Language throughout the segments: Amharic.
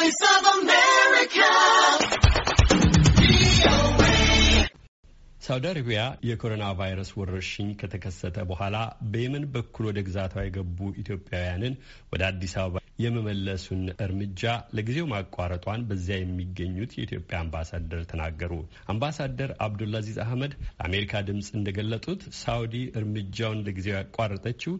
voice of ሳውዲ አረቢያ የኮሮና ቫይረስ ወረርሽኝ ከተከሰተ በኋላ በየመን በኩል ወደ ግዛቷ የገቡ ኢትዮጵያውያንን ወደ አዲስ አበባ የመመለሱን እርምጃ ለጊዜው ማቋረጧን በዚያ የሚገኙት የኢትዮጵያ አምባሳደር ተናገሩ። አምባሳደር አብዱላዚዝ አህመድ ለአሜሪካ ድምፅ እንደገለጡት ሳውዲ እርምጃውን ለጊዜው ያቋረጠችው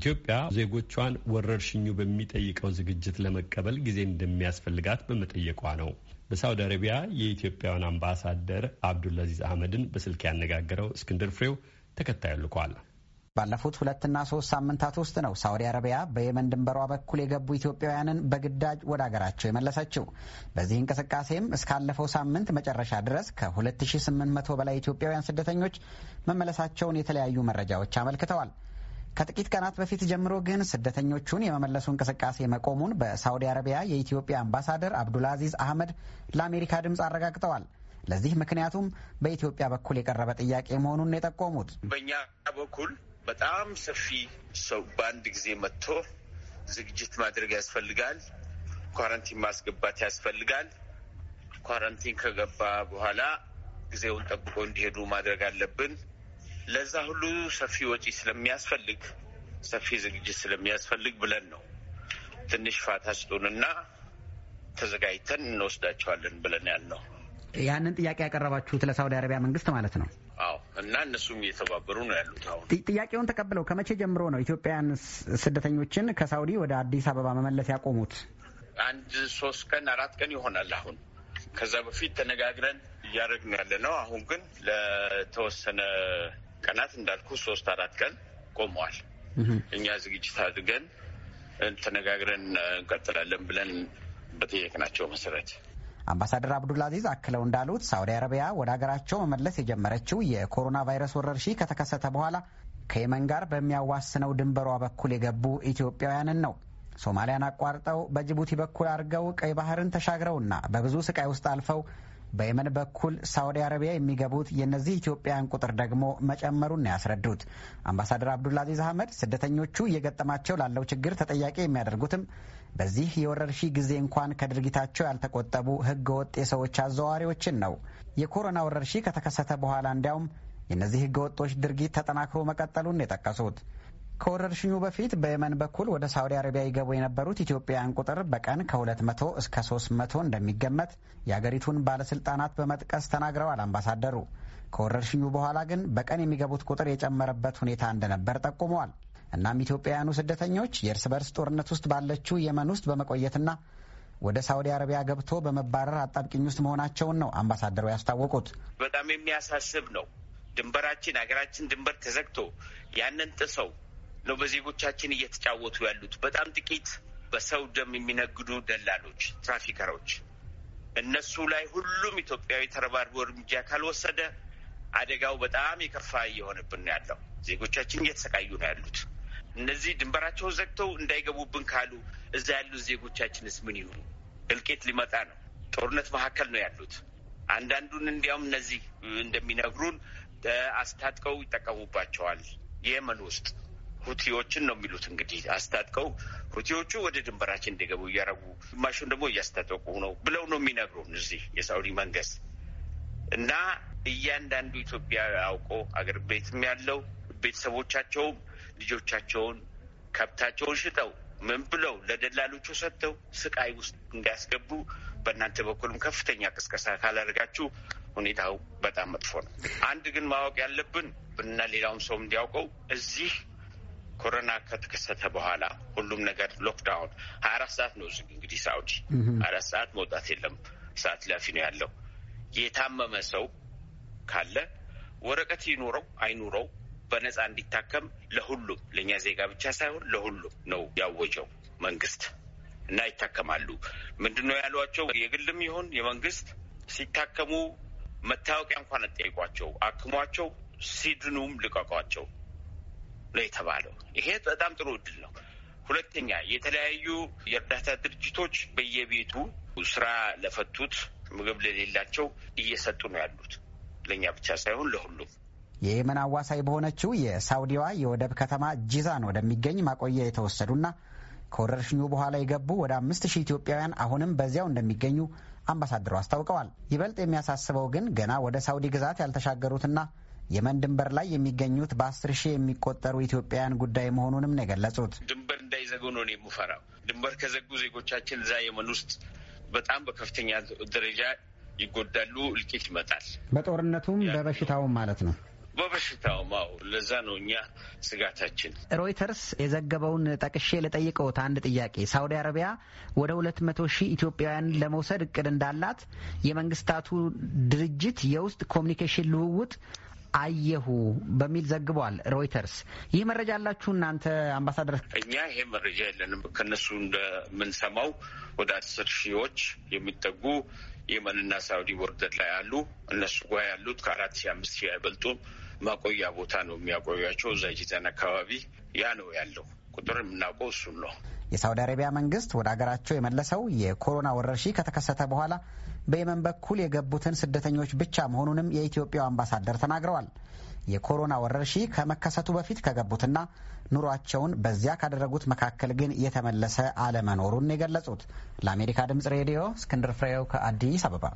ኢትዮጵያ ዜጎቿን ወረርሽኙ በሚጠይቀው ዝግጅት ለመቀበል ጊዜ እንደሚያስፈልጋት በመጠየቋ ነው። በሳውዲ አረቢያ የኢትዮጵያውን አምባሳደር አብዱልአዚዝ አህመድን በስልክ ያነጋገረው እስክንድር ፍሬው ተከታዩ ልኳል። ባለፉት ሁለትና ሶስት ሳምንታት ውስጥ ነው ሳውዲ አረቢያ በየመን ድንበሯ በኩል የገቡ ኢትዮጵያውያንን በግዳጅ ወደ አገራቸው የመለሰችው። በዚህ እንቅስቃሴም እስካለፈው ሳምንት መጨረሻ ድረስ ከ2800 በላይ ኢትዮጵያውያን ስደተኞች መመለሳቸውን የተለያዩ መረጃዎች አመልክተዋል። ከጥቂት ቀናት በፊት ጀምሮ ግን ስደተኞቹን የመመለሱ እንቅስቃሴ መቆሙን በሳውዲ አረቢያ የኢትዮጵያ አምባሳደር አብዱልአዚዝ አህመድ ለአሜሪካ ድምፅ አረጋግጠዋል። ለዚህ ምክንያቱም በኢትዮጵያ በኩል የቀረበ ጥያቄ መሆኑን የጠቆሙት በእኛ በኩል በጣም ሰፊ ሰው በአንድ ጊዜ መጥቶ ዝግጅት ማድረግ ያስፈልጋል። ኳረንቲን ማስገባት ያስፈልጋል። ኳረንቲን ከገባ በኋላ ጊዜውን ጠብቆ እንዲሄዱ ማድረግ አለብን። ለዛ ሁሉ ሰፊ ወጪ ስለሚያስፈልግ ሰፊ ዝግጅት ስለሚያስፈልግ ብለን ነው ትንሽ ፋታ ስጡንና ተዘጋጅተን እንወስዳቸዋለን ብለን ያልነው። ያንን ጥያቄ ያቀረባችሁት ለሳውዲ አረቢያ መንግስት ማለት ነው? አዎ። እና እነሱም እየተባበሩ ነው ያሉት። አሁን ጥያቄውን ተቀብለው ከመቼ ጀምሮ ነው ኢትዮጵያውያን ስደተኞችን ከሳውዲ ወደ አዲስ አበባ መመለስ ያቆሙት? አንድ ሶስት ቀን አራት ቀን ይሆናል። አሁን ከዛ በፊት ተነጋግረን እያደረግን ያለ ነው። አሁን ግን ለተወሰነ ቀናት እንዳልኩ ሶስት አራት ቀን ቆመዋል። እኛ ዝግጅት አድርገን ተነጋግረን እንቀጥላለን ብለን በጠየቅናቸው መሰረት አምባሳደር አብዱል አዚዝ አክለው እንዳሉት ሳውዲ አረቢያ ወደ ሀገራቸው መመለስ የጀመረችው የኮሮና ቫይረስ ወረርሽኝ ከተከሰተ በኋላ ከየመን ጋር በሚያዋስነው ድንበሯ በኩል የገቡ ኢትዮጵያውያንን ነው። ሶማሊያን አቋርጠው በጅቡቲ በኩል አድርገው ቀይ ባህርን ተሻግረውና በብዙ ስቃይ ውስጥ አልፈው በየመን በኩል ሳውዲ አረቢያ የሚገቡት የእነዚህ ኢትዮጵያውያን ቁጥር ደግሞ መጨመሩን ነው ያስረዱት። አምባሳደር አብዱልአዚዝ አህመድ ስደተኞቹ እየገጠማቸው ላለው ችግር ተጠያቂ የሚያደርጉትም በዚህ የወረርሺ ጊዜ እንኳን ከድርጊታቸው ያልተቆጠቡ ህገወጥ የሰዎች አዘዋዋሪዎችን ነው። የኮሮና ወረርሺ ከተከሰተ በኋላ እንዲያውም የእነዚህ ህገወጦች ድርጊት ተጠናክሮ መቀጠሉን የጠቀሱት ከወረርሽኙ በፊት በየመን በኩል ወደ ሳውዲ አረቢያ ይገቡ የነበሩት ኢትዮጵያውያን ቁጥር በቀን ከ200 እስከ 300 እንደሚገመት የአገሪቱን ባለስልጣናት በመጥቀስ ተናግረዋል አምባሳደሩ። ከወረርሽኙ በኋላ ግን በቀን የሚገቡት ቁጥር የጨመረበት ሁኔታ እንደነበር ጠቁመዋል። እናም ኢትዮጵያውያኑ ስደተኞች የእርስ በርስ ጦርነት ውስጥ ባለችው የመን ውስጥ በመቆየትና ወደ ሳውዲ አረቢያ ገብቶ በመባረር አጣብቂኝ ውስጥ መሆናቸውን ነው አምባሳደሩ ያስታወቁት። በጣም የሚያሳስብ ነው። ድንበራችን ሀገራችን ድንበር ተዘግቶ ያንን ጥሰው ነው በዜጎቻችን እየተጫወቱ ያሉት። በጣም ጥቂት በሰው ደም የሚነግዱ ደላሎች፣ ትራፊከሮች እነሱ ላይ ሁሉም ኢትዮጵያዊ ተረባርቦ እርምጃ ካልወሰደ አደጋው በጣም የከፋ እየሆነብን ያለው። ዜጎቻችን እየተሰቃዩ ነው ያሉት። እነዚህ ድንበራቸውን ዘግተው እንዳይገቡብን ካሉ እዛ ያሉት ዜጎቻችንስ ምን ይሁኑ? እልቄት ሊመጣ ነው። ጦርነት መካከል ነው ያሉት። አንዳንዱን እንዲያውም እነዚህ እንደሚነግሩን አስታጥቀው ይጠቀሙባቸዋል የመን ውስጥ ሁቲዎችን ነው የሚሉት እንግዲህ አስታጥቀው ሁቲዎቹ ወደ ድንበራችን እንዲገቡ እያረጉ ግማሹን ደግሞ እያስታጠቁ ነው ብለው ነው የሚነግሩን እዚህ የሳውዲ መንግስት እና እያንዳንዱ ኢትዮጵያ አውቆ አገር ቤትም ያለው ቤተሰቦቻቸውም ልጆቻቸውን ከብታቸውን ሽጠው ምን ብለው ለደላሎቹ ሰጥተው ስቃይ ውስጥ እንዳያስገቡ በእናንተ በኩልም ከፍተኛ ቅስቀሳ ካላደርጋችሁ ሁኔታው በጣም መጥፎ ነው። አንድ ግን ማወቅ ያለብን እና ሌላውም ሰው እንዲያውቀው እዚህ ኮሮና ከተከሰተ በኋላ ሁሉም ነገር ሎክዳውን ሀያ አራት ሰዓት ነው እንግዲህ ሳውዲ አራት ሰዓት መውጣት የለም ሰዓት ላፊ ነው ያለው። የታመመ ሰው ካለ ወረቀት ይኑረው አይኑረው በነፃ እንዲታከም ለሁሉም ለእኛ ዜጋ ብቻ ሳይሆን ለሁሉም ነው ያወጀው መንግስት እና ይታከማሉ። ምንድን ነው ያሏቸው? የግልም ይሁን የመንግስት ሲታከሙ መታወቂያ እንኳን አጠይቋቸው፣ አክሟቸው፣ ሲድኑም ልቀቋቸው። ነው የተባለው። ይሄ በጣም ጥሩ እድል ነው። ሁለተኛ የተለያዩ የእርዳታ ድርጅቶች በየቤቱ ስራ ለፈቱት፣ ምግብ ለሌላቸው እየሰጡ ነው ያሉት ለእኛ ብቻ ሳይሆን ለሁሉም። የየመን አዋሳኝ በሆነችው የሳውዲዋ የወደብ ከተማ ጂዛን ወደሚገኝ ማቆያ የተወሰዱና ከወረርሽኙ በኋላ የገቡ ወደ አምስት ሺህ ኢትዮጵያውያን አሁንም በዚያው እንደሚገኙ አምባሳደሩ አስታውቀዋል። ይበልጥ የሚያሳስበው ግን ገና ወደ ሳውዲ ግዛት ያልተሻገሩትና የመን ድንበር ላይ የሚገኙት በአስር ሺህ የሚቆጠሩ ኢትዮጵያውያን ጉዳይ መሆኑንም ነው የገለጹት። ድንበር እንዳይዘጉ ነው የምፈራው። ድንበር ከዘጉ ዜጎቻችን እዛ የመን ውስጥ በጣም በከፍተኛ ደረጃ ይጎዳሉ። እልቂት ይመጣል። በጦርነቱም በበሽታውም ማለት ነው በበሽታው ማው ለዛ ነው እኛ ስጋታችን። ሮይተርስ የዘገበውን ጠቅሼ ለጠይቀውት አንድ ጥያቄ። ሳውዲ አረቢያ ወደ ሁለት መቶ ሺህ ኢትዮጵያውያን ለመውሰድ እቅድ እንዳላት የመንግስታቱ ድርጅት የውስጥ ኮሚኒኬሽን ልውውጥ አየሁ በሚል ዘግቧል ሮይተርስ። ይህ መረጃ አላችሁ እናንተ አምባሳደር? እኛ ይሄ መረጃ የለንም። ከነሱ እንደምንሰማው ወደ አስር ሺዎች የሚጠጉ የመንና ሳውዲ ቦርደር ላይ አሉ። እነሱ ጓ ያሉት ከአራት ሺ አምስት ሺ አይበልጡም። ማቆያ ቦታ ነው የሚያቆያቸው እዛ ጂዛን አካባቢ ያ ነው ያለው። ቁጥር የምናውቀው እሱን ነው። የሳውዲ አረቢያ መንግስት ወደ አገራቸው የመለሰው የኮሮና ወረርሺ ከተከሰተ በኋላ በየመን በኩል የገቡትን ስደተኞች ብቻ መሆኑንም የኢትዮጵያው አምባሳደር ተናግረዋል። የኮሮና ወረርሺ ከመከሰቱ በፊት ከገቡትና ኑሯቸውን በዚያ ካደረጉት መካከል ግን የተመለሰ አለመኖሩን የገለጹት ለአሜሪካ ድምጽ ሬዲዮ እስክንድር ፍሬው ከአዲስ አበባ